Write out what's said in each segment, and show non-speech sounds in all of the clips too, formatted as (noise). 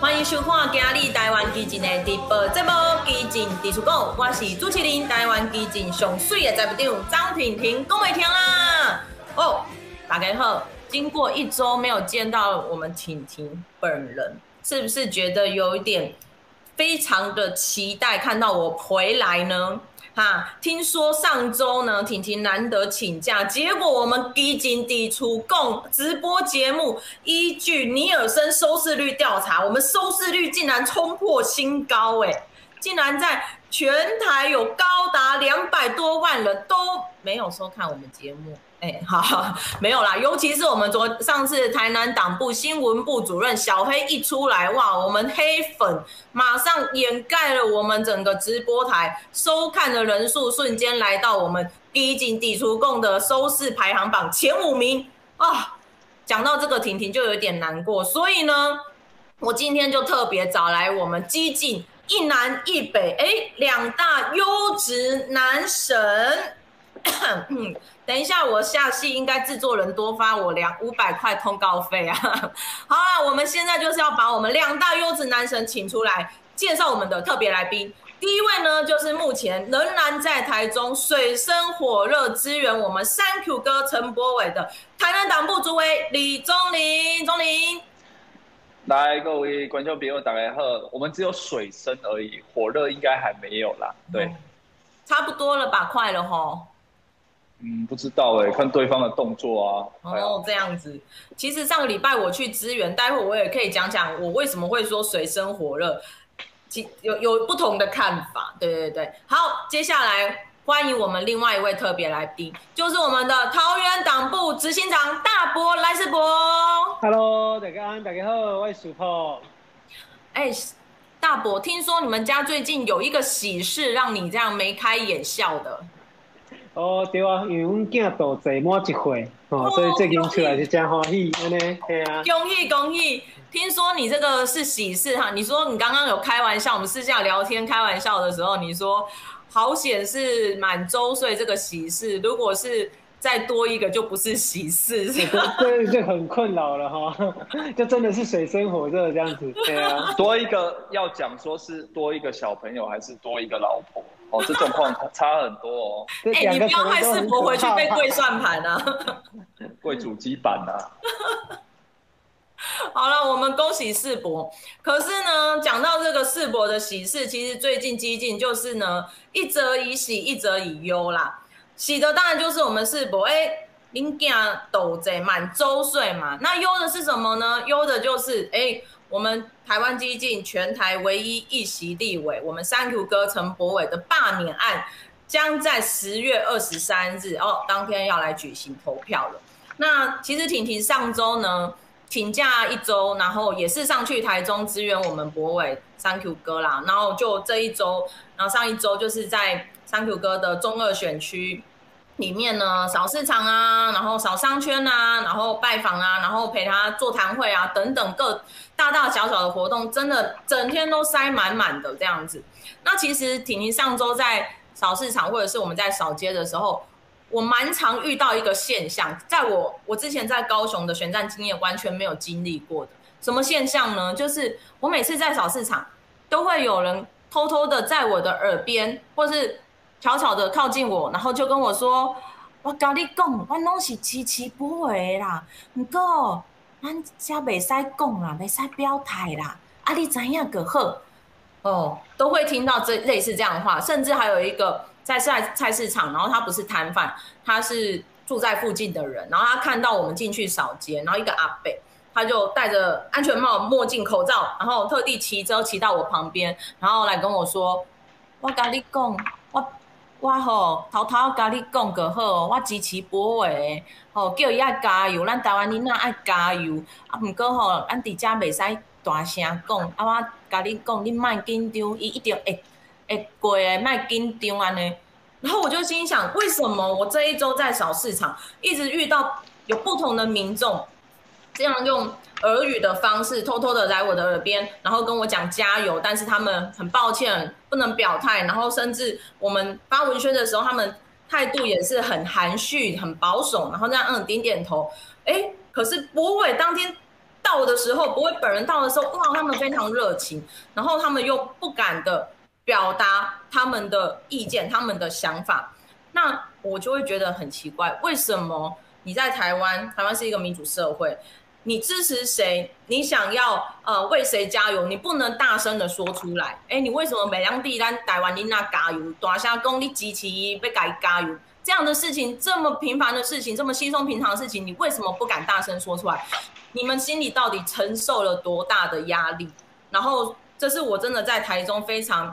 歡迎收看今天《嘉麗台灣基進》的直播節目《基進佇厝講》，我是主持人台灣基進上水的代表張婷婷、郭美婷啦。哦，大家好，經過一周沒有見到我們婷婷本人，是不是覺得有一點非常的期待看到我回來呢？哈，聽說上周呢，婷婷難得請假，結果我們基進佇厝講直播節目依據尼爾森收視率調查，我們收視率竟然衝破新高，欸，誒，竟然在全台有高達兩百多萬人都沒有收看我們節目。哎，好，沒有啦，尤其是我們昨上次台南黨部新聞部主任小黑一出來，哇，我們黑粉馬上掩蓋了我們整個直播台收看的人數，瞬間來到我們基進佇厝講的收視排行榜前五名啊！講到這個婷婷就有點難過，所以呢，我今天就特別找來我們基進一南一北哎兩大優質男神。嗯， (coughs) 等一下，我下戲應該制作人多發我兩五百塊通告費啊！ (laughs) 好了、啊，我們現在就是要把我們兩大優質男神請出來，介紹我們的特別來賓。第一位呢，就是目前仍然在台中水深火熱支援我們 3Q 哥陳柏惟的台南黨部主委李宗霖。宗霖，來各位觀眾朋友大家好，我們只有水深而已，火熱應該還沒有啦。對、嗯，差不多了吧？快了吼。嗯、不知道哎、欸，oh, 看對方的動作啊。哦、嗯，嗯、這樣子。其實上個禮拜我去支援，待會我也可以講講我為什麼會說水深火熱，有有不同的看法。對對對，好，接下來歡迎我們另外一位特別來賓，就是我們的桃園黨部執行長大伯賴世博。Hello，大家安，大家好，我是蘇波。哎，大伯，聽說你們家最近有一個喜事，讓你這樣眉開眼笑的？哦，oh, 對啊，因為阮囡都坐滿一歲，哦，哦，所以最近出來是真歡喜，安呢，係啊。恭喜恭喜！聽說你這個是喜事哈，你說你剛剛有開玩笑，我們私下聊天開玩笑的時候，你說好險是滿週歲這個喜事，如果是。再多一個就不是喜事，是對，就很困擾了哈，就真的是水深火熱這樣子。對啊，多一個要講說是多一個小朋友還是多一個老婆哦，這狀況差很多哦。哎、 (laughs) 欸，你不要害世博回去被跪算盤啊，跪 (laughs) 主機板啊。 (laughs) 好了，我們恭喜世博。可是呢，講到這個世博的喜事，其實最近基進就是呢，一則以喜，一則以憂啦。喜的當然就是我們是伯哎，林健斗仔滿週歲嘛。那憂的是什麼呢？憂的就是哎、欸，我們台灣基進全台唯一一席立委，我們三 Q 哥陳柏惟的罷免案將，將在十月二十三日哦，當天要來舉行投票了。那其實婷婷上周呢請假一周，然後也是上去台中支援我們柏惟三 Q 哥啦。然後就這一周，然後上一周就是在。三 Q 哥的中二選區裡面呢，掃市場啊，然後掃商圈啊，然後拜訪啊，然後陪他座談會啊，等等各大大小小的活動，真的整天都塞滿滿的這樣子。那其實婷婷上週在掃市場，或者是我們在掃街的時候，我蠻常遇到一個現象，在我我之前在高雄的選戰經驗完全沒有經歷過的什麼現象呢？就是我每次在掃市場，都會有人偷偷的在我的耳邊，或是悄悄的靠近我，然後就跟我說：“我跟你講，我攏是支持柏惟啦。不過，咱也未使講啦，未使表態啦。啊，你知影就好？哦，都會聽到這類似這樣的話，甚至還有一個在菜菜市場，然後他不是攤販，他是住在附近的人，然後他看到我們進去掃街，然後一個阿伯，他就戴着安全帽、墨鏡、口罩，然後特地騎車騎到我旁邊，然後來跟我說：“我跟你講。”我吼偷偷甲你講個好，我支持柏惟，吼、哦、叫伊愛加油，咱台灣囡仔愛加油。啊，毋過吼、哦，咱佇遮袂使大聲講。啊，我甲你講，你莫緊張，伊一定會會過，莫緊張安尼。然後我就心想，為什麼我這一周在小市場一直遇到有不同的民眾這樣用？耳語的方式，偷偷的來我的耳邊，然後跟我講加油。但是他們很抱歉不能表態，然後甚至我們發文宣的時候，他們態度也是很含蓄，很保守，然後那樣嗯點點頭。哎，欸，可是柏惟當天到的時候，柏惟本人到的時候，哇，他們非常熱情，然後他們又不敢的表達他們的意見、他們的想法。那我就會覺得很奇怪，為什麼你在台灣？台灣是一個民主社會。你支持誰？你想要呃為誰加油，你不能大聲的說出來。哎、欸，你為什麼每輛地單逮完你那加油，大聲公機器一被改加油這樣的事情，這麼平凡的事情，這麼稀鬆平常的事情，你為什麼不敢大聲說出來？你們心裡到底承受了多大的壓力？然後，這是我真的在台中非常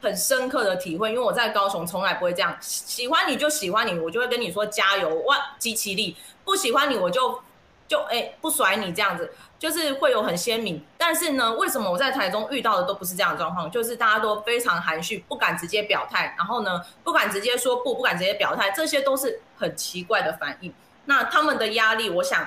很深刻的體會，因為我在高雄從來不會這樣，喜歡你就喜歡你，我就會跟你說加油，哇，機器力；不喜歡你我就。就哎、欸，不甩你這樣子，就是會有很鮮明。但是呢，為什麼我在台中遇到的都不是這樣的狀況？就是大家都非常含蓄，不敢直接表態，然後呢，不敢直接說不，不敢直接表態，這些都是很奇怪的反應。那他們的壓力，我想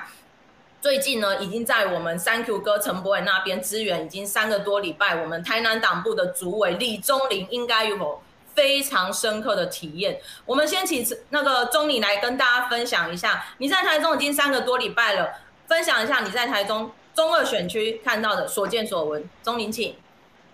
最近呢，已經在我們三 Q 哥陳柏惟那邊支援已經三個多禮拜。我們台南黨部的主委李宗霖應該有。非常深刻的體驗。我們先請那個鍾林來跟大家分享一下，你在台中已經三個多禮拜了，分享一下你在台中中二選區看到的所見所聞。鍾林，請。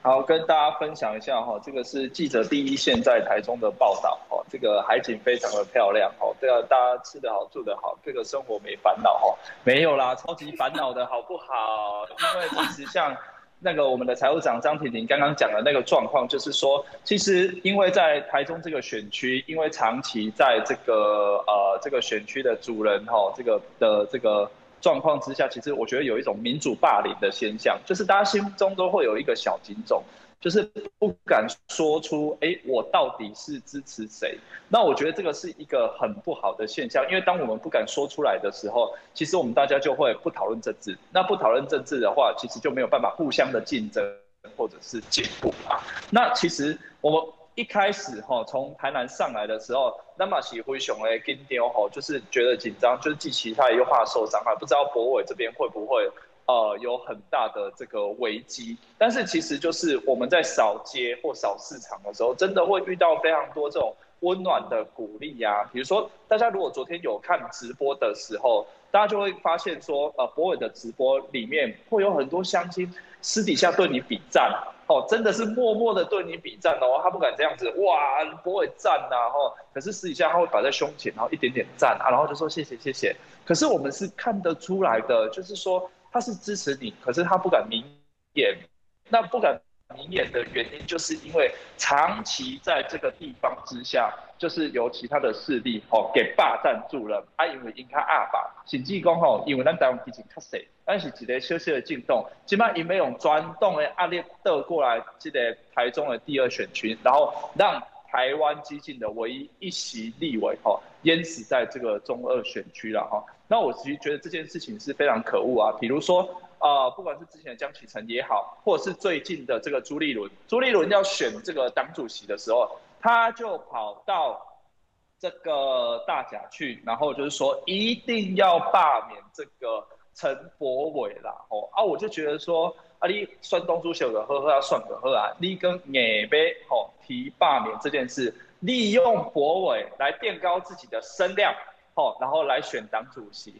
好，跟大家分享一下哈，這個是記者第一線在台中的報道哈，這個海景非常的漂亮哈，對啊，大家吃得好住得好，這個生活沒煩惱哈，沒有啦，超級煩惱的好不好？ (laughs) 因為其實像。那個我們的財務長張婷婷剛剛講的那個狀況，就是說，其實因為在台中這個選區，因為長期在這個呃這個選區的主人吼這個的這個狀況之下，其實我覺得有一種民主霸凌的現象，就是大家心中都會有一個小警鐘。就是不敢說出，哎、欸，我到底是支持誰？那我覺得這個是一個很不好的現象，因為當我們不敢說出來的時候，其實我們大家就會不討論政治。那不討論政治的話，其實就沒有辦法互相的競爭或者是進步啊。那其實我們一開始哈，從台南上來的時候，那麼喜灰熊哎跟丟吼，就是覺得緊張，就是記其他一個話受傷害，不知道柏惟這邊會不會。呃，有很大的這個危機，但是其實就是我們在掃街或掃市場的時候，真的會遇到非常多這種溫暖的鼓勵呀。比如說，大家如果昨天有看直播的時候，大家就會發現說，呃，柏惟的直播裡面會有很多鄉親私底下對你比贊哦，真的是默默的對你比贊哦，他不敢這樣子哇，柏惟贊吶吼，可是私底下他會擺在胸前，然後一點點贊啊，然後就說謝謝謝謝。可是我們是看得出來的，就是說。他是支持你，可是他不敢明言。那不敢明言的原因，就是因為長期在這個地方之下，就是由其他的勢力吼，給霸占住了。他因為引開阿爸請志剛吼，因為咱在用基進卡西，但是只得小小的進貢，起碼因沒有鑽動誒阿列得過來，這個台中的第二選區，然後讓台灣基進的唯一一席立委吼淹死在這個中二選區了哈。那我其實覺得這件事情是非常可惡啊，比如說啊、呃，不管是之前的江啟臣也好，或者是最近的這個朱立倫，朱立倫要選這個黨主席的時候，他就跑到這個大甲去，然後就是說一定要罷免這個陳柏惟啦、喔，哦啊，我就覺得說啊，你酸東叔寫的，呵呵、啊，算個呵啊，你跟你唄好提罷免這件事，利用柏惟來墊高自己的聲量。然後來選黨主席，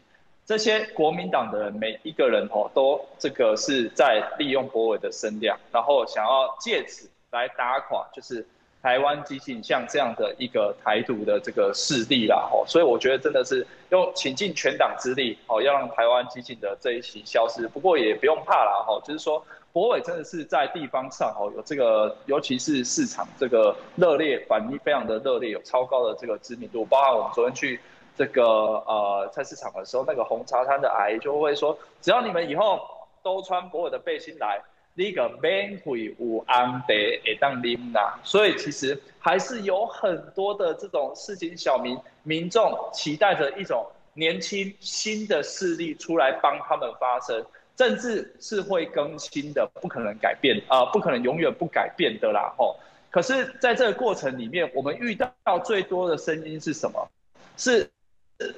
這些國民黨的人每一個人哦，都這個是在利用柏惟的聲量，然後想要借此來打垮，就是台灣基進像這樣的一個台獨的這個勢力啦，所以我覺得真的是用傾盡全黨之力，要讓台灣基進的這一群消失。不過也不用怕啦，哦，就是說柏惟真的是在地方上哦，有這個，尤其是市場這個熱烈反應非常的熱烈，有超高的這個知名度，包括我們昨天去。這個呃菜市場的時候，那個紅茶攤的阿姨就會說：“只要你們以後都穿柏惟的背心來，呢個 man 會唔安得誒當拎吶。”所以其實還是有很多的這種事情，小民民眾期待着一種年輕新的勢力出來幫他們發聲，政治是會更新的，不可能改變啊，呃，不可能永遠不改變的啦吼。可是，在這個過程裡面，我們遇到最多的聲音是什麼？是。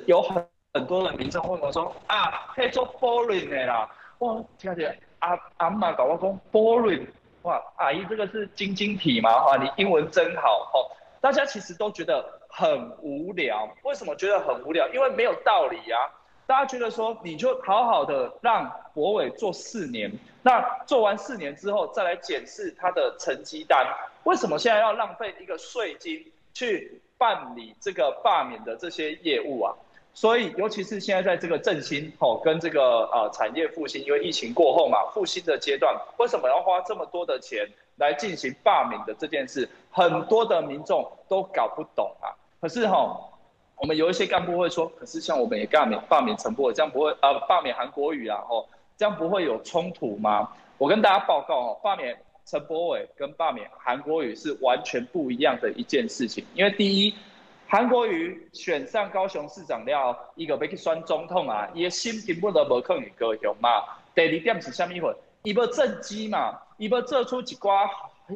有很多的民眾問我說啊，可以做 boring 的啦，哇，聽着啊阿媽搞我說 boring，哇，阿姨這個是晶晶體嗎？哈、啊，你英文真好。大家其實都覺得很無聊，為什麼覺得很無聊？因為沒有道理啊。大家覺得說，你就好好的讓柏惟做四年，那做完四年之後再來檢視他的成績單。為什麼現在要浪費一個稅金去？辦理這個罷免的這些業務啊，所以尤其是現在在這個振興吼、哦、跟這個呃、啊、產業復興，因為疫情過後嘛，復興的階段，為什麼要花這麼多的錢來進行罷免的這件事？很多的民眾都搞不懂啊。可是吼、哦，我們有一些幹部會說，可是像我們也罷免，罷免陳柏惟，這樣不會呃、啊、罷免韓國瑜啊吼、哦，這樣不會有衝突嗎？我跟大家報告哦、啊，罷免。陳柏惟跟罷免韓國瑜是完全不一樣的一件事情，因為第一，韓國瑜選上高雄市長，料伊個要去選總統啊，伊個心根本就無可能高雄嘛。第二點是甚麼貨？伊要政績嘛，伊要做出一瓜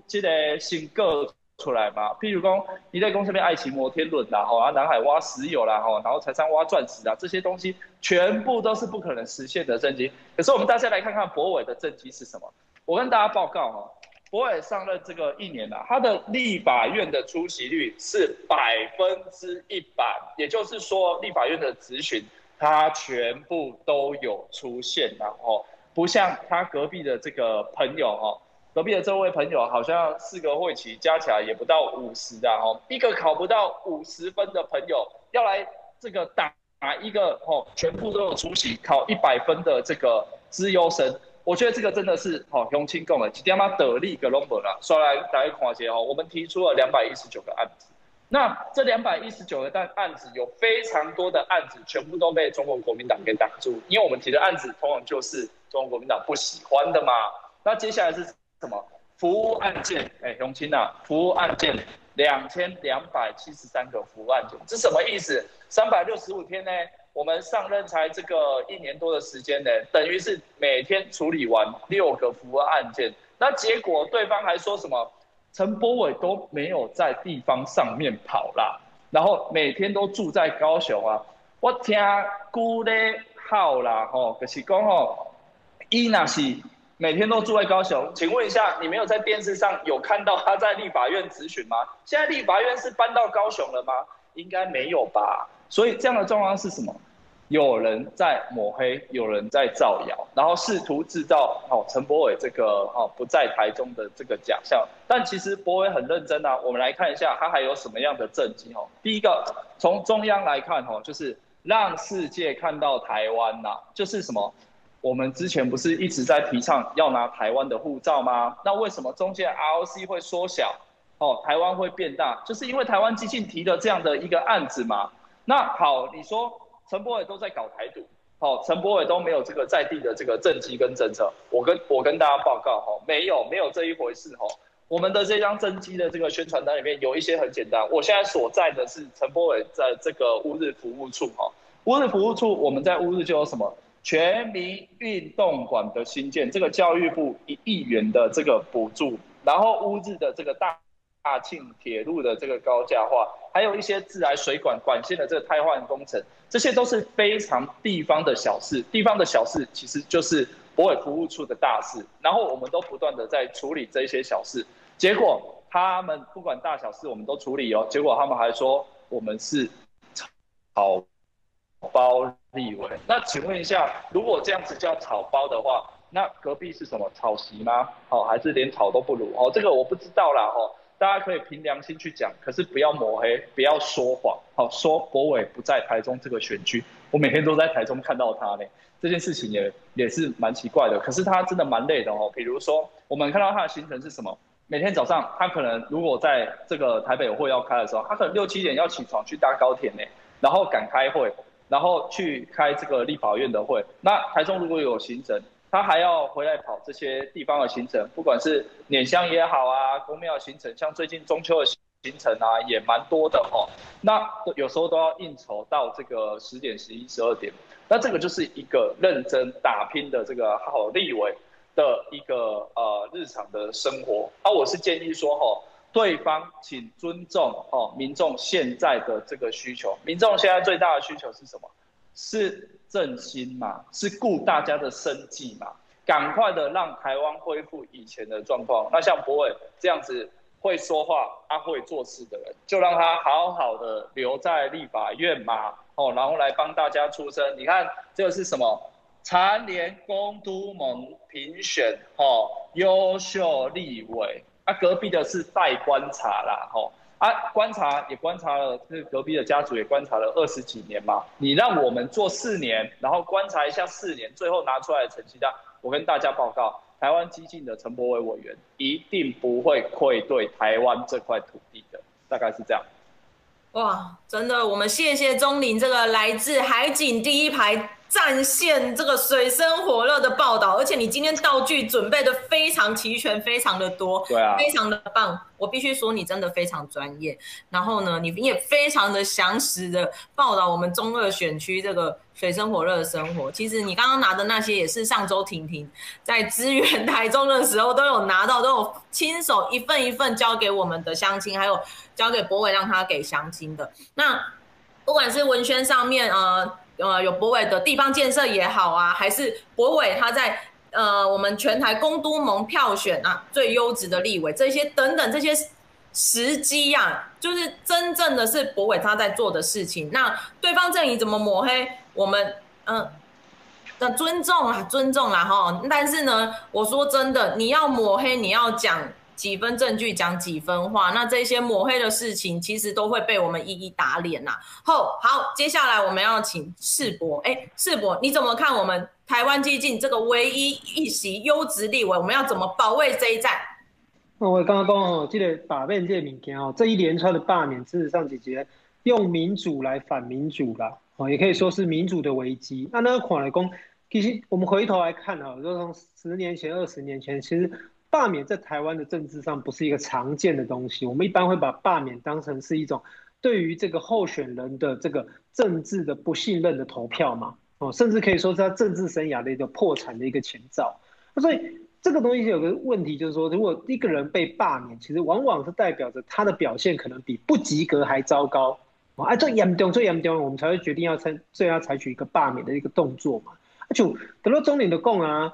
這個成果出來嘛，譬如說你在公司面愛情摩天輪啦，吼、啊，南海挖石油啦，吼，然後財商挖鑽石啊，這些東西全部都是不可能實現的政績。可是我們大家來看看柏惟的政績是什麼？我跟大家報告哈。博爾上任這個一年吶、啊，他的立法院的出席率是百分之一百，也就是說立法院的質詢，他全部都有出現，然後不像他隔壁的這個朋友哦、啊，隔壁的這位朋友好像四個會期加起來也不到五十啊，哈，一個考不到五十分的朋友要來這個打一個哦，全部都有出席，考一百分的這個資優生。我覺得這個真的是好鄉親講的，今天啊得力個 number 啦，來大家看下哦，我們提出了兩百一十九個案子，那這兩百一十九個案案子有非常多的案子，全部都被中國國民黨給擋住，因為我們提的案子，通常就是中國國民黨不喜歡的嘛。那接下來是什麼服務案件？哎、欸，鄉親吶，服務案件兩千兩百七十三個服務案件，這什麼意思？三百六十五天呢？我們上任才這個一年多的時間呢，等於是每天處理完六個服務案件，那結果對方還說什麼？陳柏惟都沒有在地方上面跑啦，然後每天都住在高雄啊。我聽 good 啦吼，可是講吼伊那是每天都住在高雄，請問一下，你沒有在電視上有看到他在立法院質詢嗎？現在立法院是搬到高雄了嗎？應該沒有吧。所以這樣的狀況是什麼？有人在抹黑，有人在造謠，然後試圖製造哦，陳柏惟這個哦不在台中的這個假象。但其實柏惟很認真啊，我們來看一下他還有什麼樣的政績哦。第一個，從中央來看哦，就是讓世界看到台灣吶，就是什麼？我們之前不是一直在提倡要拿台灣的護照嗎？那為什麼中間 ROC 會縮小哦？台灣會變大，就是因為台灣基進提的這樣的一個案子嘛。那好，你說陳柏惟都在搞台獨，好、哦，陳柏惟都沒有這個在地的這個政績跟政策。我跟我跟大家報告，哈、哦，沒有沒有這一回事，哈、哦。我們的這張政績的這個宣傳單裡面有一些很簡單。我現在所在的是陳柏惟在這個烏日服務處，哈、哦。烏日服務處我們在烏日就有什麼全民運動館的新建，這個教育部一億元的這個補助，然後烏日的這個大。大慶鐵路的這個高架化，還有一些自來水管管線的這個汰換工程，這些都是非常地方的小事。地方的小事其實就是柏惟服務處的大事。然後我們都不斷的在處理這些小事，結果他們不管大小事我們都處理哦、喔。結果他們還說我們是草包立委。那請問一下，如果這樣子叫草包的話，那隔壁是什麼草席嗎？哦，還是連草都不如？哦，這個我不知道啦。哦。大家可以憑良心去講，可是不要抹黑，不要說謊。好，說國偉不在台中這個選區，我每天都在台中看到他呢。這件事情也也是蠻奇怪的，可是他真的蠻累的哦。比如說，我們看到他的行程是什麼？每天早上他可能如果在這個台北有會要開的時候，他可能六七點要起床去搭高鐵呢，然後趕開會，然後去開這個立法院的會。那台中如果有行程，他還要回來跑這些地方的行程，不管是拈香也好啊，宮廟行程，像最近中秋的行程啊，也蠻多的哦。那有時候都要應酬到這個十點、十一、十二點。那這個就是一個認真打拼的這個好立委的一個呃日常的生活啊。那我是建議說吼，對方請尊重哦，民眾現在的這個需求，民眾現在最大的需求是什麼？是。振興嘛，是顧大家的生計嘛，趕快的讓台灣恢復以前的狀況。那像柏惟這樣子會說話、啊會做事的人，就讓他好好的留在立法院嘛，哦，然後來幫大家出聲。你看這個是什麼？殘聯工都盟評選哦，優秀立委啊，隔壁的是待觀察啦，哦。啊，觀察也觀察了，隔壁的家族也觀察了二十幾年嘛，你讓我們做四年，然後觀察一下四年，最後拿出來的成績單，我跟大家報告，台灣基進的陳柏惟委員一定不會愧對台灣這塊土地的，大概是這樣。哇，真的，我們謝謝鍾林這個來自海景第一排。戰線這個水深火熱的報道，而且你今天道具準備的非常齊全，非常的多，對啊，非常的棒。我必須說，你真的非常專業。然後呢，你也非常的詳實的報道我們中二選區這個水深火熱的生活。其實你剛剛拿的那些，也是上週婷婷在支援台中的時候都有拿到，都有親手一份一份交給我們的鄉親，還有交給柏惟讓他給鄉親的。那不管是文宣上面，呃。呃，有柏惟的地方建設也好啊，還是柏惟他在呃，我們全台公都盟票選啊，最優質的立委這些等等這些時機呀，就是真正的是柏惟他在做的事情。那對方陣營怎麼抹黑我們？嗯，那尊重啊，尊重啊。齁。但是呢，我說真的，你要抹黑，你要講。幾分證據講幾分話，那這些抹黑的事情，其實都會被我們一一打臉吶、啊。後好，好，接下來我們要請世博，哎、欸，世博你怎麼看我們台灣基進這個唯一一席優質立委，我們要怎麼保衛這一戰，哦？我剛剛講，記得罷免這些名詞哦，這一連串的罷免，事實上其實用民主來反民主吧、哦，也可以說是民主的危機，啊。那那個款來工其實我們回頭來看啊，就從十年前、二十年前，其實。罷免在台灣的政治上不是一個常見的東西，我們一般會把罷免當成是一種對於這個候選人的這個政治的不信任的投票嘛，哦，甚至可以說是他政治生涯的一個破產的一個前兆。所以這個東西有個問題就是說，如果一個人被罷免，其實往往是代表着他的表現可能比不及格還糟糕啊，最嚴重、最嚴重，我們才會決定要採、最要採取一個罷免的一個動作嘛、啊。而且得到中年的共啊。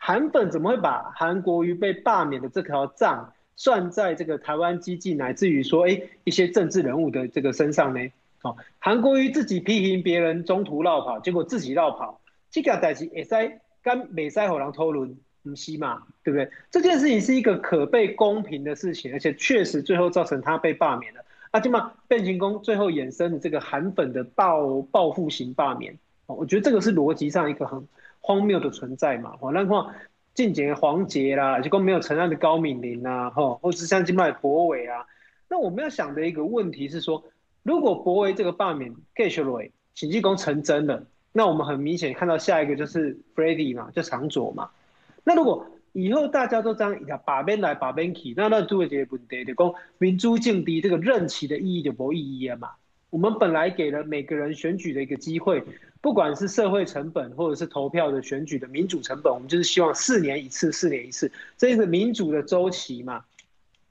韓粉怎麼會把韓國瑜被罷免的這條賬算在這個台灣基進乃至於說哎、欸、一些政治人物的這個身上呢？哦，韓國瑜自己批評別人中途落跑，結果自己落跑，這件代志也使跟美塞虎狼偷輪唔是嘛？對不對？這件事情是一個可被公平的事情，而且確實最後造成他被罷免了。啊，今嘛變形工最後衍生的這個韓粉的報報復型罷免，哦，我覺得這個是邏輯上一個很。荒謬的存在嘛，好、哦，那況近幾年黃捷啦，啊，就講、是、沒有成案的高敏玲啊，吼，或是像今嘛柏惟啊，那我們要想的一個問題是說，如果柏惟這個罷免 Gatesroy 秦繼功成真的，那我們很明顯看到下一個就是 Freddy 嘛，就昶佐嘛，那如果以後大家都這樣，罷邊來罷邊去，那那就會一個問題，就講民主政體這個任期的意義就沒意義了嘛。我們本來給了每個人選舉的一個機會，不管是社會成本或者是投票的選舉的民主成本，我們就是希望四年一次，四年一次，這是一個民主的周期嘛。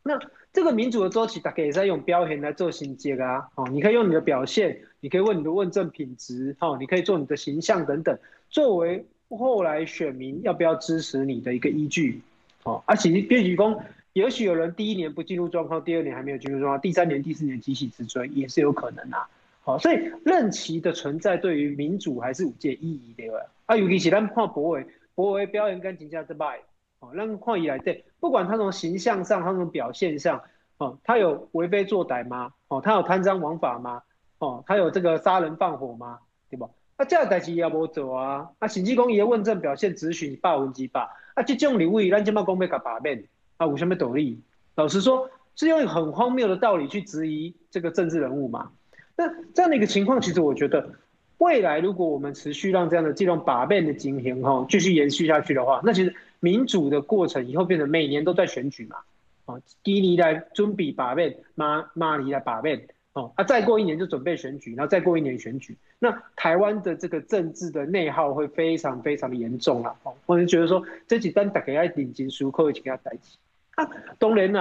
那這個民主的周期，大概也是在用表現來做銜接啊。你可以用你的表現，你可以問你的問政品質，你可以做你的形象等等，作為後來選民要不要支持你的一個依據、啊。而且，比如工。也許有人第一年不進入狀況，第二年還沒有進入狀況，第三年、第四年繼續直追也是有可能啊。好、哦，所以任期的存在對於民主還是有界意義的。啊，尤其是咱看柏惟，柏惟表演跟評價失敗。好、哦，咱看以來對不管他從形象上、他從表現上，哦，他有為非作歹嗎？哦，他有貪贓枉法嗎？哦，他有這個殺人放火嗎？對不？那、啊、這樣代誌也無做啊。啊，陳志公爺問政表現只取百分之百。啊，這種理由，咱今嘛講要甲罷免。啊，五香杯抖力，老實說，是用很荒謬的道理去質疑這個政治人物嘛？那這樣的一個情況，其實我覺得，未來如果我們持續讓這樣的這種罷免的經營吼，繼續延續下去的話，那其實民主的過程以後變成每年都在選舉嘛？啊，基尼來準備罷免，馬馬尼來罷免，哦，啊，再過一年就準備選舉，然後再過一年選舉，那台灣的這個政治的內耗會非常非常的嚴重啦！哦、啊，我就覺得說，這幾單大概要頂情書，扣一起給他代起。啊，董吶，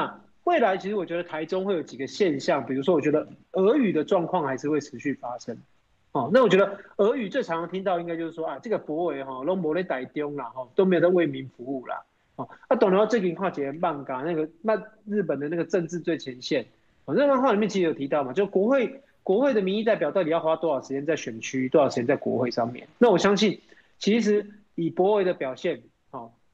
未來其實我覺得台中會有幾個現象，比如說我覺得俄語的狀況還是會持續發生，哦，那我覺得俄語最常常聽到應該就是說啊，這個柏惟哈，攏無咧蹛台中啦，都沒有在為民服務啦，哦，懂董仁最近看一個漫畫那個，那日本的那個政治最前線，我、哦、那番話裡面其實有提到嘛，就國會國會的民意代表到底要花多少時間在選區，多少時間在國會上面？那我相信，其實以柏惟的表現。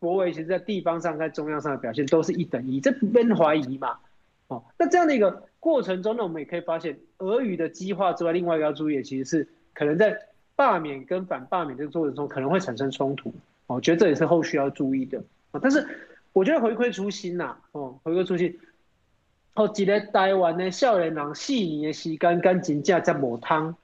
國維其實在地方上、在中央上的表現都是一等一，這邊懷疑嘛？哦，那這樣的一個過程中呢，我們也可以發現俄語的激化之外，另外一個要注意，的其實是可能在罷免跟反罷免這個過程中可能會產生衝突、哦。我覺得這也是後續要注意的，但是我覺得回歸初心吶、啊，哦，回歸初心，好一得台完呢，少人人細膩的時間乾淨感再抹湯。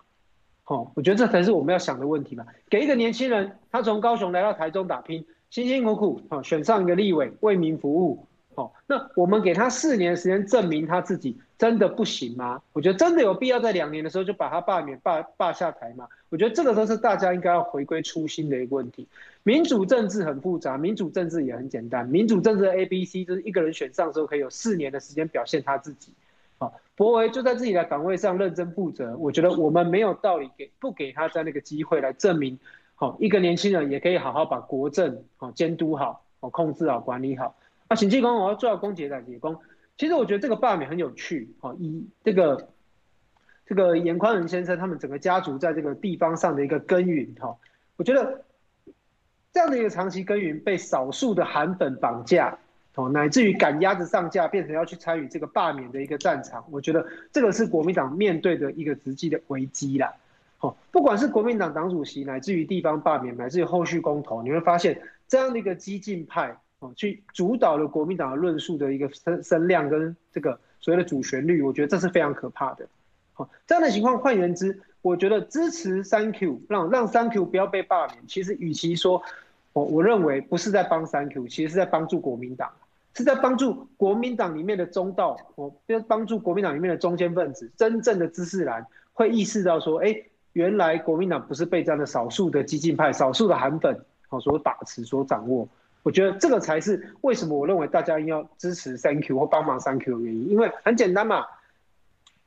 哦，我覺得這才是我們要想的問題嘛。給一個年輕人，他從高雄來到台中打拼。辛辛苦苦啊，選上一個立委為民服務，好，那我們給他四年的時間證明他自己真的不行嗎？我覺得真的有必要在兩年的時候就把他罷免、罷罷下台嗎？我覺得這個都是大家應該要回歸初心的一個問題。民主政治很複雜，民主政治也很簡單，民主政治的 A、B、C 就是一個人選上的時候可以有四年的時間表現他自己。啊，柏惟就在自己的崗位上認真負責，我覺得我們沒有道理給不給他在那個機會來證明。好，一個年輕人也可以好好把國政好監督好，好控制好，管理好。那請繼光，我要做到公職的鐵公。其實我覺得這個罷免很有趣。哈，以這個這個顏寬恆先生他們整個家族在這個地方上的一個耕耘，哈，我覺得這樣的一個長期耕耘被少數的韓粉綁架，哦，乃至於趕鴨子上架，變成要去參與這個罷免的一個戰場。我覺得這個是國民黨面對的一個實際的危機啦。哦、不管是國民黨黨主席，乃至於地方罷免，乃至於後續公投，你會發現這樣的一個激進派、哦、去主導了國民黨的論述的一個聲聲量跟這個所謂的主旋律，我覺得這是非常可怕的。哦、這樣的情況，換言之，我覺得支持 3Q，讓讓 3Q 不要被罷免，其實與其說，我、哦、我認為不是在幫 3Q，其實是在幫助國民黨，是在幫助國民黨裡面的中道，我、哦、幫助國民黨裡面的中間分子，真正的知識人會意識到說，哎、欸。原來國民黨不是被這樣的少數的激進派、少數的韓粉，好所把持、所掌握。我覺得這個才是為什麼我認為大家應該要支持 3Q 或幫忙 3Q 的原因。因為很簡單嘛，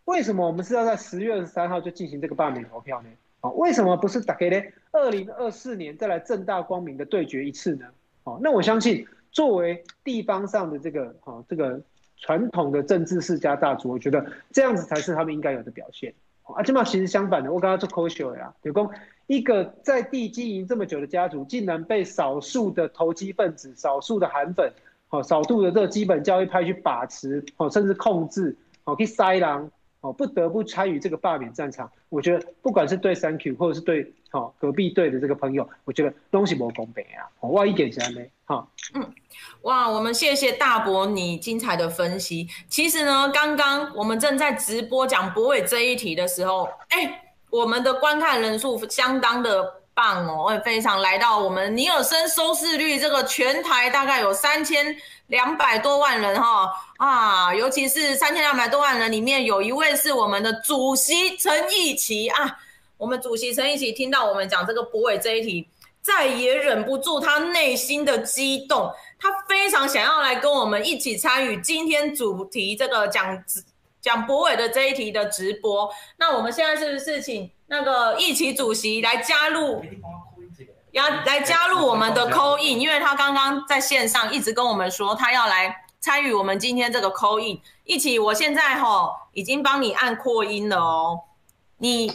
為什麼我們是要在十月二十三號就進行這個罷免投票呢？為什麼不是打給呢？二零二四年再來正大光明的對決一次呢？哦，那我相信作為地方上的這個啊，這個傳統的政治世家大族，我覺得這樣子才是他們應該有的表現。啊，這麼其實相反的，我剛剛做科學了呀。就講，一個在地經營這麼久的家族，竟然被少數的投機分子、少數的韓粉、好少數的這個基本教義派去把持、好甚至控制、好去塞狼。哦，不得不參與這個罷免戰場，我覺得不管是對 3Q，或者是對好隔壁隊的這個朋友，我覺得東西不公平啊。好，萬一點什麼沒？好，嗯，哇，我們謝謝大伯你精彩的分析。其實呢，剛剛我們正在直播講柏惟這一題的時候，哎、欸，我們的觀看人數相當的。棒哦，我也非常來到我們尼爾森收視率這個全台大概有三千兩百多萬人哈、哦、啊，尤其是三千兩百多萬人裡面有一位是我們的主席陳奕齊啊，我們主席陳奕齊聽到我們講這個博偉這一題，再也忍不住他內心的激動，他非常想要來跟我們一起參與今天主題這個講講博偉的這一題的直播，那我們現在是不是請？那個奕齊主席來加入，要來加入我們的 call in，因為他剛剛在線上一直跟我們說他要來參與我們今天這個 call in。奕齊，我現在齁已經幫你按擴音了哦。你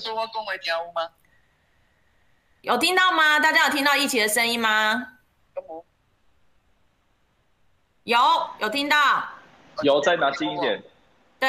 有聽到嗎？大家有聽到奕齊的聲音嗎？有有聽到？有，再拿近一點。對。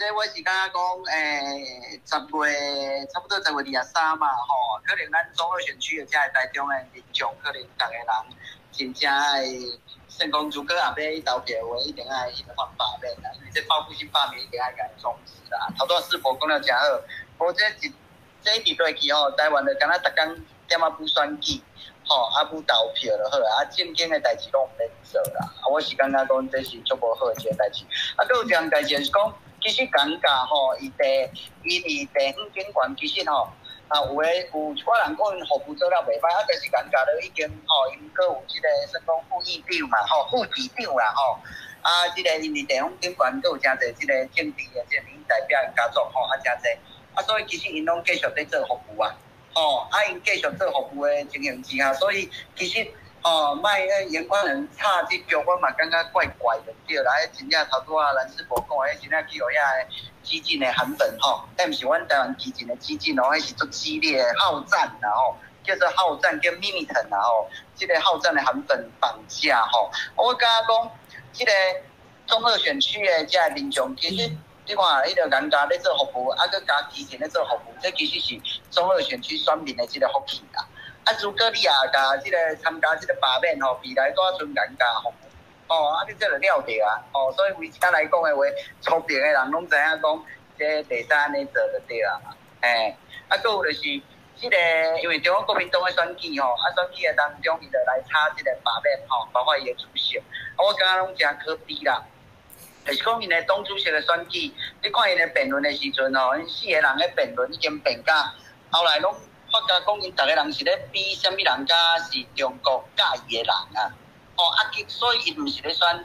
即我是剛剛講，誒、欸，十月差不多十月二十三嘛，吼、哦，可能咱中二選區個，即個台中個民眾，可能逐個人真正誒、啊，先講如果後尾投票，誒話一定愛先去罷免啦，因為這報復性罷免一定愛個重視啦。頭多世博講了真好，無即一這一段期吼，台灣就敢若逐工點啊補選舉，吼啊無投票就好啦，啊中間個代志攏毋免做啦、啊。我是剛剛講，這是中國好個一個代志，啊，有一件代志是講。其實感覺吼，伊在印尼地方警官其實吼、啊，啊，有誒，有一寡人講因服務做了袂歹，啊，但是感覺都已經吼，因擱有即個算講副議長嘛吼，副局長啦吼，啊，即個因為地方警官擱有誠濟即個政治誒即個名代表加入吼，啊，誠濟，啊，所以其實因攏繼續在做服務啊，吼，啊，因、啊、繼續做服務誒情形之下，所以其實。哦，賣誒陽光很差，這叫我嘛感覺怪怪的對來誒，真正頭拄啊人士無講，誒，真正去學遐個基進的韓本吼，但毋是阮台灣基進的基進，哦，後是做激烈好戰然後，叫做好戰跟祕密藤然後，即個好戰的韓本綁架吼，我感覺講即個中二選區這即個民眾其實，你看一個人家咧做服務，啊，個家己咧做服務，這其實是中二選區選民誒即個福氣啦。啊，蘇格你啊，甲即個參加即個罷免吼，未來都剩人家吼，哦，啊，你即個了得啊，哦，所以為今來講的話，聰明誒人攏知影講，即個第三你做就對啊。嘿、欸，啊，擱有就是即、這個，因為中國國民黨誒選舉吼，啊，選舉誒當中伊就來插即個罷免吼、哦，包括伊誒主席，啊，我感覺攏真可悲啦，就是講因咧黨主席誒選舉，你看因咧辯論誒時陣吼，因四個人咧辯論已經變甲，後來攏。我甲講，因逐個人是咧比蝦米人家是中國喜歡嘅人啊！哦，啊，所以伊毋是咧選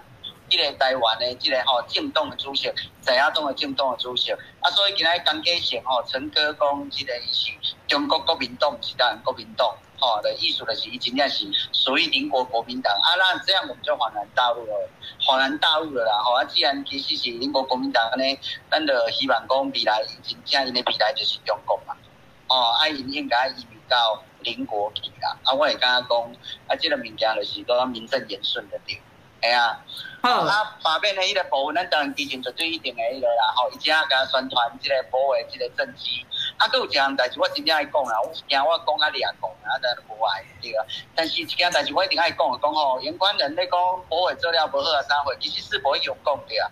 即個台灣誒、這個，即個吼，政黨誒主席，蔡阿東誒政黨誒主席。啊，所以今仔講繼性吼，陳、哦、哥講、這個，即個伊是中國國民黨，毋是台灣國民黨，吼、哦，的意思就是伊真正是屬於民國國民黨。啊，那這樣我們就恍然大悟咯，恍然大悟了啦！吼、哦啊，既然其實是民國國民黨安尼，咱著希望講未來，真正因的未來就是中國嘛。哦，啊，因應該移民到鄰國去啦。啊，我會家講，啊，即、這個物件著是講名正言順的對，係啊。好、嗯啊哦。啊，法遍迄個部分，咱當然之前絕對一定的迄個啦，吼，而且啊，宣傳即個保衛即個政績。啊，佫有一項代志我真正愛講啦，我驚我講啊，你也講啊，當然無礙對。但是即件代志我一定愛講、哦、的，的，講吼，有關人咧講保衛做了無好啊，啥貨，其實是無會用講啊。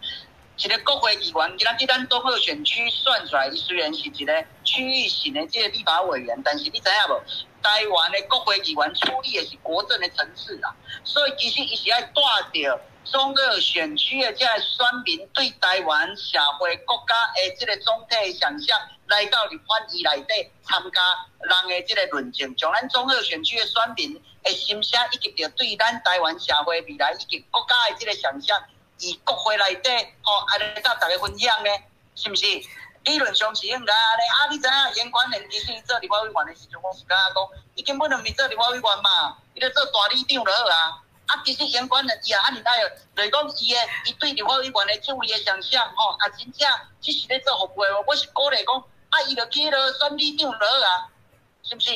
一個國會議員，伊咱佇咱中二選區選出來，伊雖然是一個區域性的即個立法委員，但是你知影無？台灣的國會議員處理的是國政的層次啦，所以其實伊是要帶着中二選區的即個選民對台灣社會、國家的即個總體的想象，來到立法院內底參加人的個即個論證，從咱中二選區的選民的心聲，以及着對咱台灣社會未來以及國家的即個想象以國會內底吼，安尼甲逐個分享呢，是毋是？理論上是應該安尼啊。你知影顏寬恆其實做立法委員的時候，我是甲伊講，伊根本着毋是做立法委員嘛，伊着做大里長好了啊。啊，其實顏寬恆伊也安尼個，就是講伊誒，伊對立法委員個職位誒想象吼、哦，啊真，真正只是咧做服務誒。我是鼓勵講，啊，伊著去咯選里長好了啊，是毋是？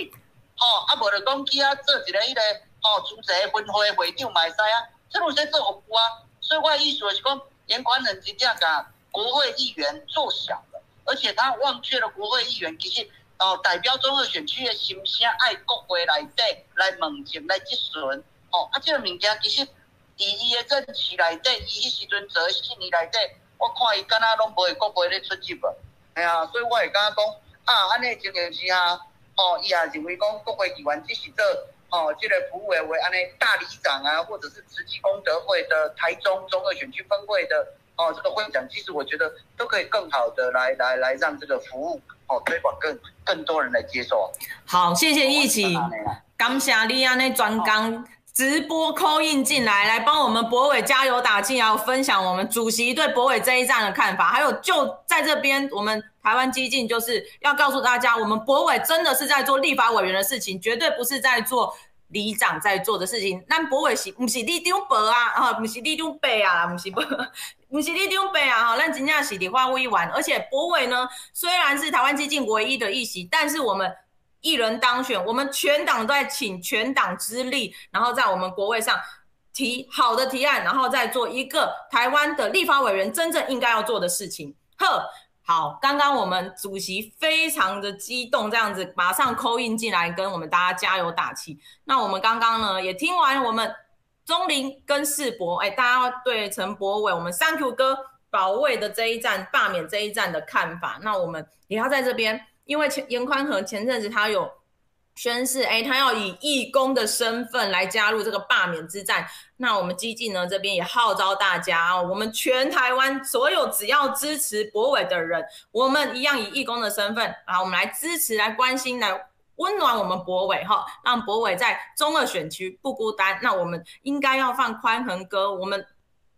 吼、哦，啊無著講去遐做一個迄個吼，主席、分會會長嘛會使啊，即有啥做服務啊？所以阮意思就是講，連環人真正共國會議員做小了，而且他忘卻了國會議員其實哦代表中二選區的心聲，愛國會內底來問政、來質詢。哦，啊，這個物件其實以的，佇伊個任期內底，伊迄時陣這四年來底，我看伊敢若攏無，國會咧出席無，嚇啊、哎！所以我會感覺講，啊，安尼情形之下，哦，伊也認為講國會議員只是做。哦，這得，個、服務委委安內大里長啊，或者是慈濟功德會的台中中二選區分會的哦，這個會長，其實我覺得都可以更好的來來來讓這個服務哦推廣更更多人來接受。好，謝謝一起。哦、感謝你安內專攻直播扣印進來，來幫我們博偉加油打氣啊，然後分享我們主席對博偉這一站的看法，還有就在這邊我們。台灣基進就是要告訴大家，我們柏惟真的是在做立法委員的事情，絕對不是在做里長在做的事情。那柏惟是，不是里長伯啊？哦，不是里長伯啊，不是、啊，不是里長伯啊！哦、啊，咱、 (laughs) 啊、真正是立法委員，而且柏惟呢，雖然是台灣基進唯一的一席，但是我們一人當選，我們全黨都在請全黨之力，然後在我們國會上提好的提案，然後再做一個台灣的立法委員真正應該要做的事情。呵。好，剛剛我們主席非常的激動，這樣子馬上 call in 進來跟我們大家加油打氣。那我們剛剛呢也聽完我們鍾林跟世博，哎，大家對陳柏惟我們 3Q 哥保衛的這一戰、罷免這一戰的看法。那我們也要在這邊，因為顏寬恆前陣子他有宣誓，哎，他要以義工的身份來加入這個罷免之戰。那我們基進呢這邊也號召大家啊，我們全台灣所有只要支持柏惟的人，我們一樣以義工的身份啊，我們來支持、來關心、來溫暖我們柏惟哈，讓柏惟在中二選區不孤單。那我們應該要放寬恆哥，我們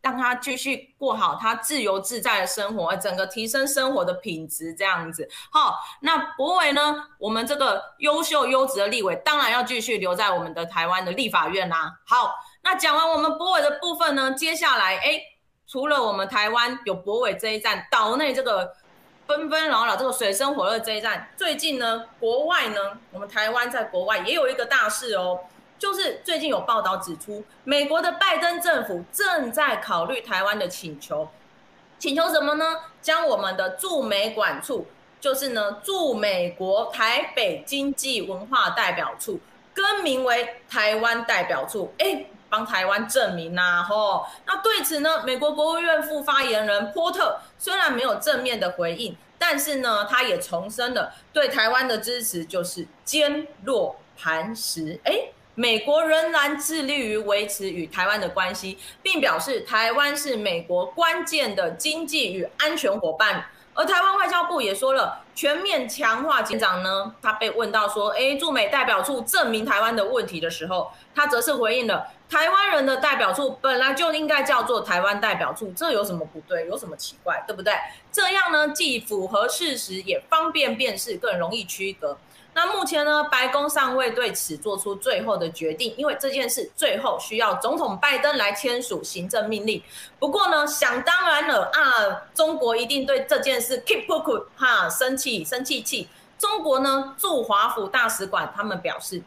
讓他繼續過好他自由自在的生活，整個提升生活的品質這樣子。好，那柏惟呢，我們這個優秀優質的立委，當然要繼續留在我們的台灣的立法院啊。好。那講完我們柏惟的部分呢，接下來，哎、欸，除了我們台灣有柏惟這一戰，島內這個紛紛擾擾、這個水深火熱這一戰，最近呢，國外呢，我們台灣在國外也有一個大事哦，就是最近有報道指出，美國的拜登政府正在考慮台灣的請求，請求什麼呢？將我們的駐美館處，就是呢駐美國台北經濟文化代表處更名為台灣代表處，哎、欸。幫台灣正名啊吼，那對此呢，美國國務院副發言人波特雖然沒有正面的回應，但是呢，他也重申了對台灣的支持，就是堅若磐石。哎、欸，美國仍然致力於維持與台灣的關係，並表示台灣是美國關鍵的經濟與安全夥伴。而台灣外交部也說了，全面強化警長呢，他被問到說，哎、欸，駐美代表處正名台灣的問題的時候，他則是回應了。台灣人的代表處本來就應該叫做台灣代表處，這有什麼不對？有什麼奇怪？對不對？這樣呢，既符合事實，也方便辨識，更容易區隔。那目前呢，白宮尚未對此做出最後的決定，因為這件事最後需要總統拜登來簽署行政命令。不過呢，想當然了啊，中國一定對這件事 keep 不住哈，生氣，生氣氣。中國呢，駐華府大使館他們表示。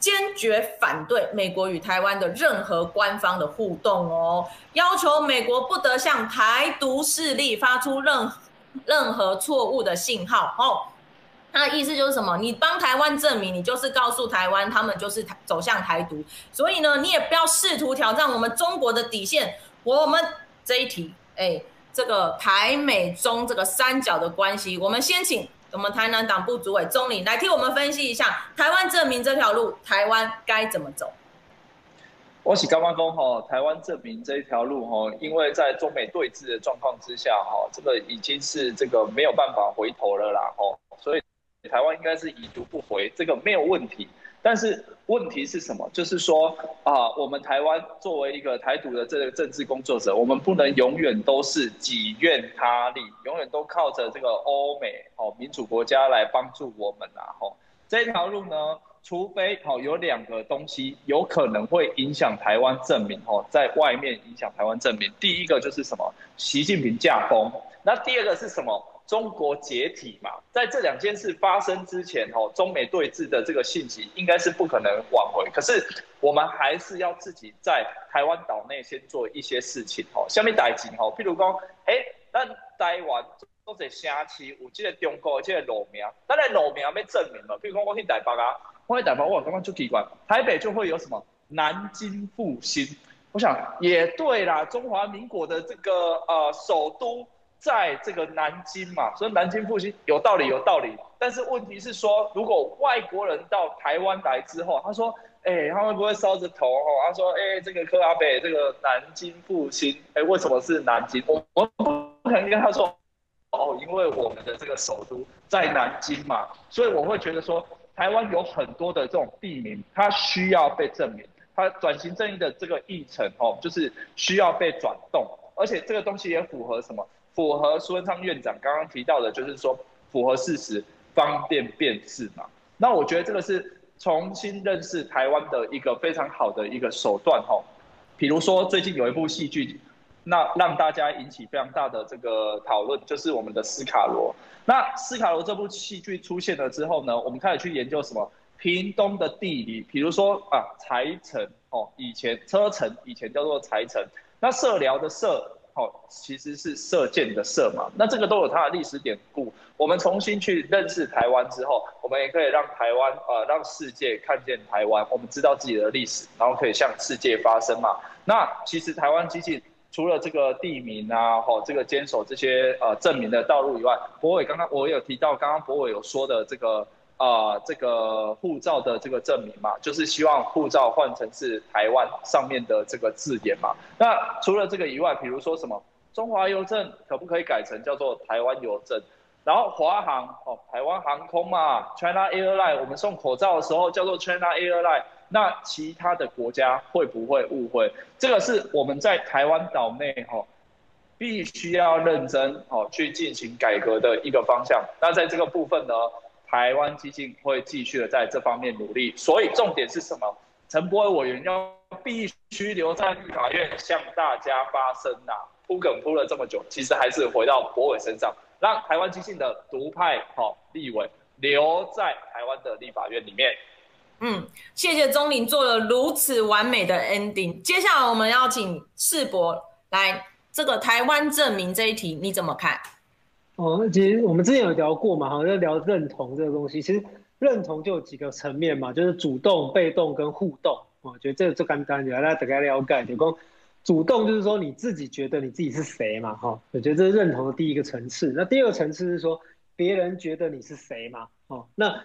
堅決反對美國與台灣的任何官方的互動哦，要求美國不得向台獨勢力發出任何任何錯誤的信號哦。它的意思就是什麼？你幫台灣正名，你就是告訴台灣，他們就是走向台獨，所以呢，你也不要試圖挑戰我們中國的底線。我們這一題，哎，這個台美中這個三角的關係，我們先請。我們台南黨部主委鍾林來替我們分析一下台灣證明這條路，台灣該怎麼走？我是覺得說哈，台灣證明這一條路哈，因為在中美對峙的狀況之下哈，這個已經是這個沒有辦法回頭了啦哈，所以台灣應該是已讀不回，這個沒有問題，但是。問題是什麼？就是說啊，我們台灣作為一個台獨的這個政治工作者，我們不能永遠都是己怨他利，永遠都靠着這個歐美哦民主國家來幫助我們啊吼、哦。這條路呢，除非哦有兩個東西有可能會影響台灣證明哦，在外面影響台灣證明。第一個就是什麼？習近平駕崩。那第二個是什麼？中國解體嘛，在這兩件事發生之前哦、喔，中美對峙的這個信息應該是不可能挽回。可是我們還是要自己在台灣島內先做一些事情哦。下面打金哦，譬如講，哎，咱台灣都是城市，我記得中國這個路名，咱來路名要正名嘛。譬如說我去台北啊，我去台北，我剛剛就提過，台北就會有什麼南京復興。我想也對啦，中華民國的這個呃首都。在這個南京嘛，所以南京復興有道理，有道理。但是問題是說，如果外國人到台灣來之後，他說，哎、欸，他們不會搔著頭哦？他說，哎、欸，這個克拉貝，這個南京復興，哎、欸，為什麼是南京？我我不可能跟他說，哦，因為我們的這個首都在南京嘛，所以我會覺得說，台灣有很多的這種地名，它需要被正名，它轉型正義的這個議程哦，就是需要被轉動，而且這個東西也符合什麼？符合蘇文昌院長剛剛提到的，就是說符合事實、方便辨識嘛。那我覺得這個是重新認識台灣的一個非常好的一個手段哈、哦。比如說最近有一部戲劇，那讓大家引起非常大的這個討論，就是我們的《斯卡羅》。那《斯卡羅》這部戲劇出現了之後呢，我們開始去研究什麼屏東的地理，比如說啊，柴城哦，以前車城以前叫做柴城，那社寮的社。哦，其實是射箭的射嘛，那這個都有它的歷史典故。我們重新去認識台灣之後，我們也可以讓台灣呃，讓世界看見台灣。我們知道自己的歷史，然後可以向世界發聲嘛。那其實台灣基進除了這個地名啊，吼，這個堅守這些呃正名的道路以外，博偉剛剛我有提到，剛剛博偉有說的這個。啊，呃、這個護照的這個正名嘛，就是希望護照換成是台灣上面的這個字眼嘛。那除了這個以外，比如說什麼中華郵政可不可以改成叫做台灣郵政？然後華航哦，台灣航空嘛，China Airline，我們送口罩的時候叫做 China Airline。那其他的國家會不會誤會？這個是我們在台灣島內哦，必須要認真哦去進行改革的一個方向。那在這個部分呢，台灣基進會繼續的在這方面努力，所以重點是什麼？陳柏惟委員要必須留在立法院向大家發聲啊！鋪梗鋪了這麼久，其實還是回到柏惟身上，讓台灣基進的獨派好立委留在台灣的立法院裡面。嗯，謝謝鍾林做了如此完美的 ending。接下來我們要請世博來這個台灣正名這一題，你怎麼看？哦，那其實我們之前有聊過嘛，好像聊認同這個東西。其實認同就有幾個層面嘛，就是主動、被動跟互動。哦、我覺得這這剛剛有來大概了解，就講主動就是說你自己覺得你自己是誰嘛，哈、哦，我覺得這是認同的第一個層次。那第二個層次是說別人覺得你是誰嘛，哦，那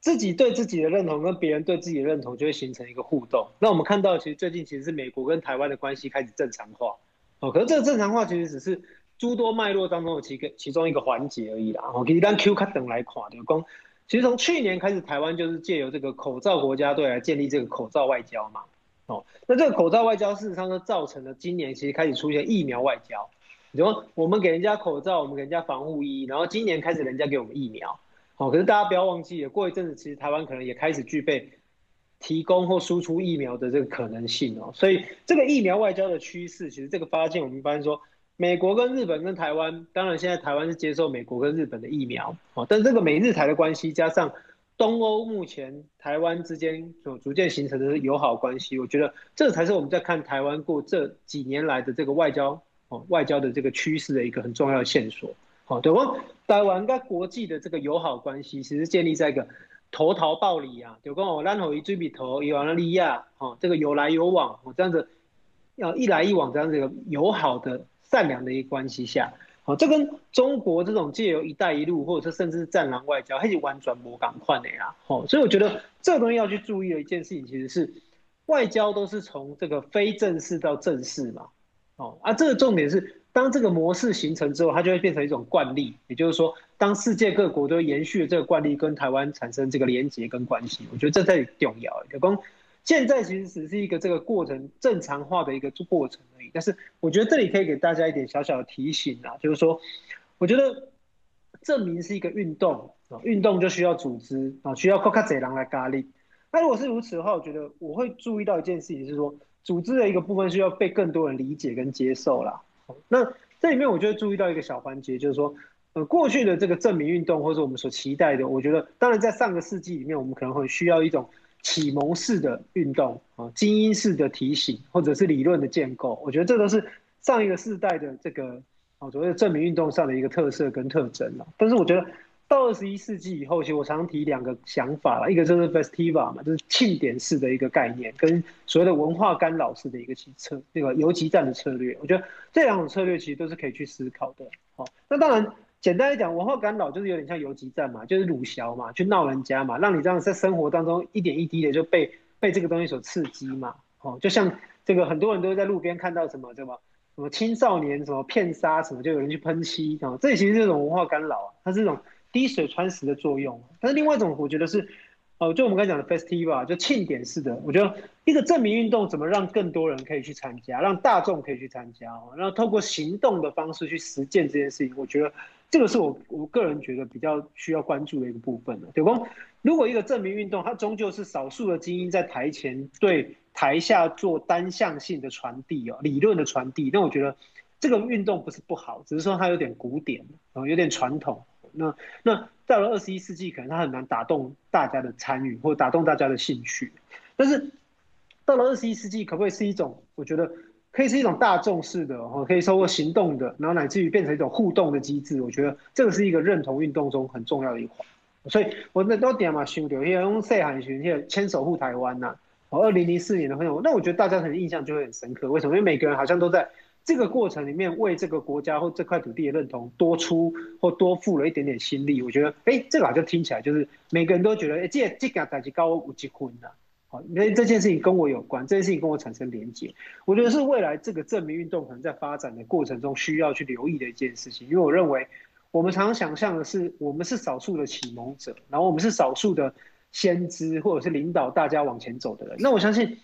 自己對自己的認同跟別人對自己的認同就會形成一個互動。那我們看到其實最近其實是美國跟台灣的關係開始正常化，哦，可是這個正常化其實只是。諸多脈絡當中有個其，其中一個環節而已啦。其我其你當 Q 卡等來垮的、就是，其實從去年開始，台灣就是借由這個口罩國家隊來建立這個口罩外交嘛。哦，那這個口罩外交事實上就造成了今年其實開始出現疫苗外交。比如說我們給人家口罩，我們給人家防護衣，然後今年開始人家給我們疫苗。好、哦，可是大家不要忘記，也過一陣子，其實台灣可能也開始具備提供或輸出疫苗的這個可能性哦。所以這個疫苗外交的趨勢，其實這個發現，我們一般說。美國跟日本跟台灣，當然現在台灣是接受美國跟日本的疫苗，哦，但是這個美日台的關係加上東歐目前台灣之間所逐漸形成的是友好的關係，我覺得這才是我們在看台灣過這幾年來的這個外交哦外交的這個趨勢的一個很重要的線索，哦，我台灣台灣跟國際的這個友好關係其實是建立在一個投桃報李啊，就講我爛我一枝筆頭伊瓦拉利亞，哦，這個有來有往，哦這樣子要一來一往這樣子的友好的。善良的一個關係下，好、喔，這跟中國這種借由“一帶一路”或者甚至是“戰狼外交”開始玩轉模港塊的啦、喔、所以我覺得這個東西要去注意的一件事情，其實是外交都是從這個非正式到正式嘛，喔、啊，這個重點是當這個模式形成之後，它就會變成一種慣例，也就是說，當世界各國都延續了這個慣例，跟台灣產生這個連結跟關係，我覺得這太重要現在其實只是一個這個過程正常化的一個過程而已，但是我覺得這裡可以給大家一點小小的提醒啊，就是說，我覺得正名是一個運動，運動就需要組織啊，需要較濟人來加入。那如果是如此的話，我覺得我會注意到一件事情，是說組織的一個部分需要被更多人理解跟接受啦。那這裡面我就會注意到一個小環節，就是說，呃，過去的這個正名運動，或者我們所期待的，我覺得當然在上個世紀裡面，我們可能會需要一種。啟蒙式的運動啊，精英式的提醒，或者是理論的建構，我覺得這都是上一個世代的這個哦，所謂的證明運動上的一個特色跟特徵啊，但是我覺得到二十一世紀以後，其實我常提兩個想法啦，一個就是 festival 嘛，就是慶典式的一個概念，跟所謂的文化干擾式的一個策略，這個游擊戰的策略。我覺得這兩種策略其實都是可以去思考的。好，那當然。簡單來講，文化干擾就是有點像游擊戰嘛，就是魯蛇嘛，去鬧人家嘛，讓你這樣在生活當中一點一滴的就被被這個東西所刺激嘛。哦,就像這個很多人都會在路邊看到什麼什麼什麼青少年什麼騙殺什麼，就有人去噴漆，哦，這其實是一種文化干擾啊，它是一種滴水穿石的作用。但是另外一種，我覺得是。哦，就我們剛才講的 festival，就慶典式的，我覺得一個正名運動怎麼讓更多人可以去參加，讓大眾可以去參加，然後透過行動的方式去實踐這件事情，我覺得這個是我我個人覺得比較需要關注的一個部分的。九如果一個正名運動，它終究是少數的精英在台前對台下做單向性的傳遞哦，理論的傳遞，那我覺得這個運動不是不好，只是說它有點古典，有點傳統。那那。到了二十一世紀，可能它很難打動大家的參與，或者打動大家的興趣。但是到了二十一世紀，可不可以是一種？我覺得可以是一種大眾式的，可以收穫行動的，然後乃至於變成一種互動的機制。我覺得這個是一個認同運動中很重要的一環。所以，我那都點嘛，修掉，因為用四海巡，牽手護台灣吶、啊。我二零零四年的朋友，那我覺得大家可能印象就會很深刻。為什麼？因為每個人好像都在。這個過程裡面為這個國家或這塊土地的認同多出或多付了一點點心力，我覺得，哎，這個好像聽起來就是每個人都覺得，哎，這這感覺高我結婚了，好，因為這件事情跟我有關，這件事情跟我產生連結，我覺得是未來這個正名運動可能在發展的過程中需要去留意的一件事情，因為我認為我們常常想象的是我們是少數的啟蒙者，然後我們是少數的先知或者是領導大家往前走的人，那我相信。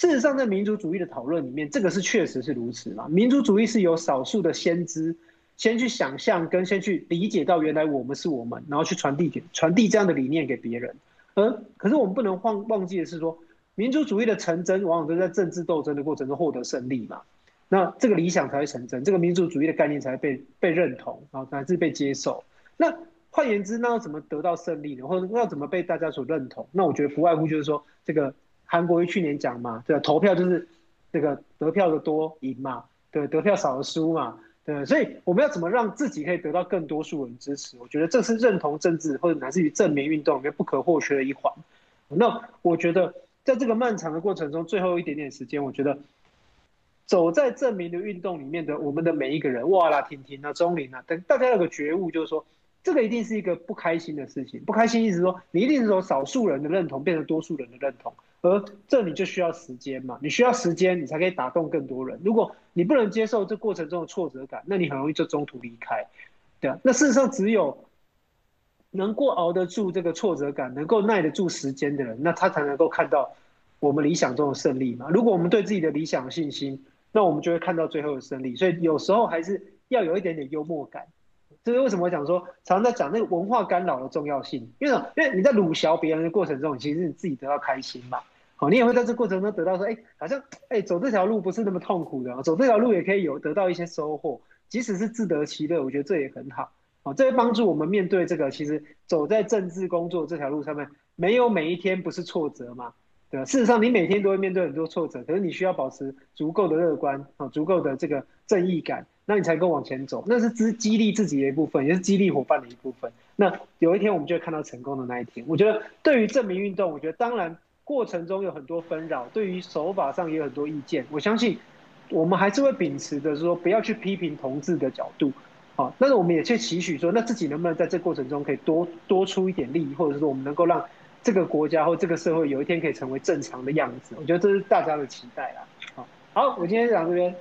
事實上，在民族主義的討論裡面，這個是確實是如此嘛。民族主義是有少數的先知，先去想象跟先去理解到原來我們是我們，然後去傳遞給傳遞這樣的理念給別人。而可是我們不能忘忘記的是說，民族主義的成真往往都在政治鬥爭的過程中獲得勝利嘛，那這個理想才會成真，這個民族主義的概念才會被被認同啊，乃至被接受。那換言之，那要怎麼得到勝利呢？或者那要怎麼被大家所認同？那我覺得不外乎就是說這個。韓國瑜去年講嘛，對，投票就是這個得票的多贏嘛，對，得票少的輸嘛，對，所以我們要怎麼讓自己可以得到更多數人支持？我覺得這是認同政治或者乃至於正名運動裡面不可或缺的一環。那我覺得在這個漫長的過程中，最後一點點時間，我覺得走在正名的運動裡面的我們的每一個人，哇啦婷婷啊鍾林啊，等、啊、大家有個覺悟，就是說。這個一定是一個不開心的事情，不開心意思說，你一定是從少數人的認同變成多數人的認同，而這你就需要時間嘛，你需要時間，你才可以打動更多人。如果你不能接受這過程中的挫折感，那你很容易就中途離開，對啊，那事實上只有能夠熬得住這個挫折感，能夠耐得住時間的人，那他才能夠看到我們理想中的勝利嘛。如果我們對自己的理想有信心，那我們就會看到最後的勝利。所以有時候還是要有一點點幽默感。這是為什麼我想說，常常在講那個文化干擾的重要性，因為因為你在魯小別人的過程中，其實你自己得到開心嘛，好，你也會在這過程中得到說，哎，好像哎、欸、走這條路不是那麼痛苦的，走這條路也可以有得到一些收穫，即使是自得其樂，我覺得這也很好，好，這會幫助我們面對這個，其實走在政治工作這條路上面，沒有每一天不是挫折嘛，對吧？事實上，你每天都會面對很多挫折，可是你需要保持足夠的樂觀啊，足夠的這個正義感。那你才夠往前走，那是激激勵自己的一部分，也是激勵夥伴的一部分。那有一天，我們就會看到成功的那一天。我覺得，對於正名運動，我覺得當然過程中有很多紛擾，對於手法上也有很多意見。我相信，我們還是會秉持着說，不要去批評同志的角度。好，但是我們也去期許說，那自己能不能在這過程中可以多多出一點力，或者說我們能夠讓這個國家或這個社會有一天可以成為正常的樣子。我覺得這是大家的期待啦。好，好，我今天講這邊。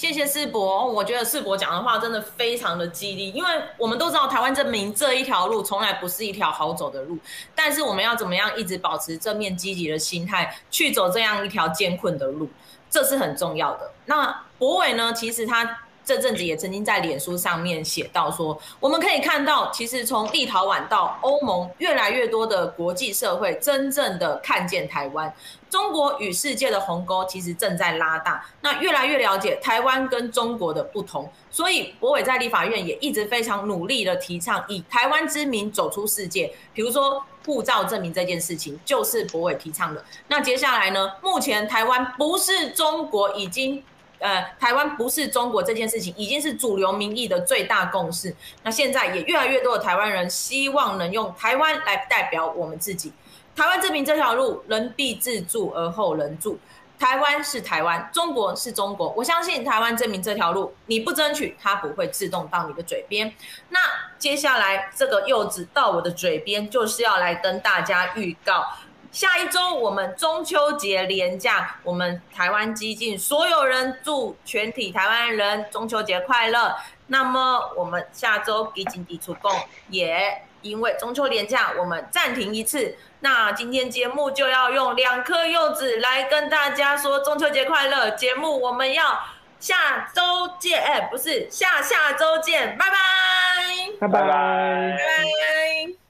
謝謝世博，我覺得世博講的話真的非常的激勵，因為我們都知道台灣正名這一條路從來不是一條好走的路，但是我們要怎麼樣一直保持正面積極的心態去走這樣一條艱困的路，這是很重要的。那博偉呢？其實他。這陣子也曾經在臉書上面寫到說，我們可以看到，其實從立陶宛到歐盟，越來越多的國際社會真正的看見台灣，中國與世界的鴻溝其實正在拉大。那越來越了解台灣跟中國的不同，所以柏惟在立法院也一直非常努力的提倡以台灣之名走出世界。比如說護照證明這件事情，就是柏惟提倡的。那接下來呢？目前台灣不是中國已經。呃，台灣不是中國這件事情，已經是主流民意的最大共識。那現在也越來越多的台灣人希望能用台灣來代表我們自己。台灣正名這條路，人必自助而後人助。台灣是台灣，中國是中國。我相信台灣正名這條路，你不爭取，它不會自動到你的嘴邊。那接下來這個柚子到我的嘴邊，就是要來跟大家預告。下一週我們中秋節連假，我們台灣基進所有人祝全體台灣人中秋節快樂。那麼我們下周基進佇厝講，也因為中秋連假我們暫停一次。那今天節目就要用兩顆柚子來跟大家說中秋節快樂。節目我們要下周見，哎，不是下下周見，拜拜，拜拜，拜拜。